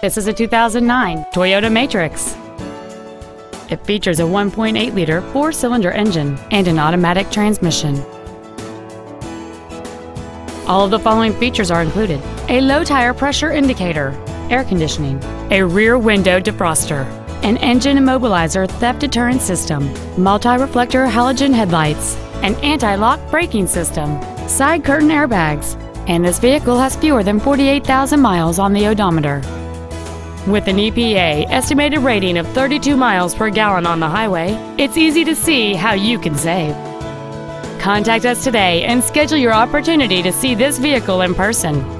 This is a 2009 Toyota Matrix. It features a 1.8-liter four-cylinder engine and an automatic transmission. All of the following features are included. A low tire pressure indicator, air conditioning, a rear window defroster, an engine immobilizer theft deterrent system, multi-reflector halogen headlights, an anti-lock braking system, side curtain airbags, and this vehicle has fewer than 48,000 miles on the odometer. With an EPA estimated rating of 32 miles per gallon on the highway, it's easy to see how you can save. Contact us today and schedule your opportunity to see this vehicle in person.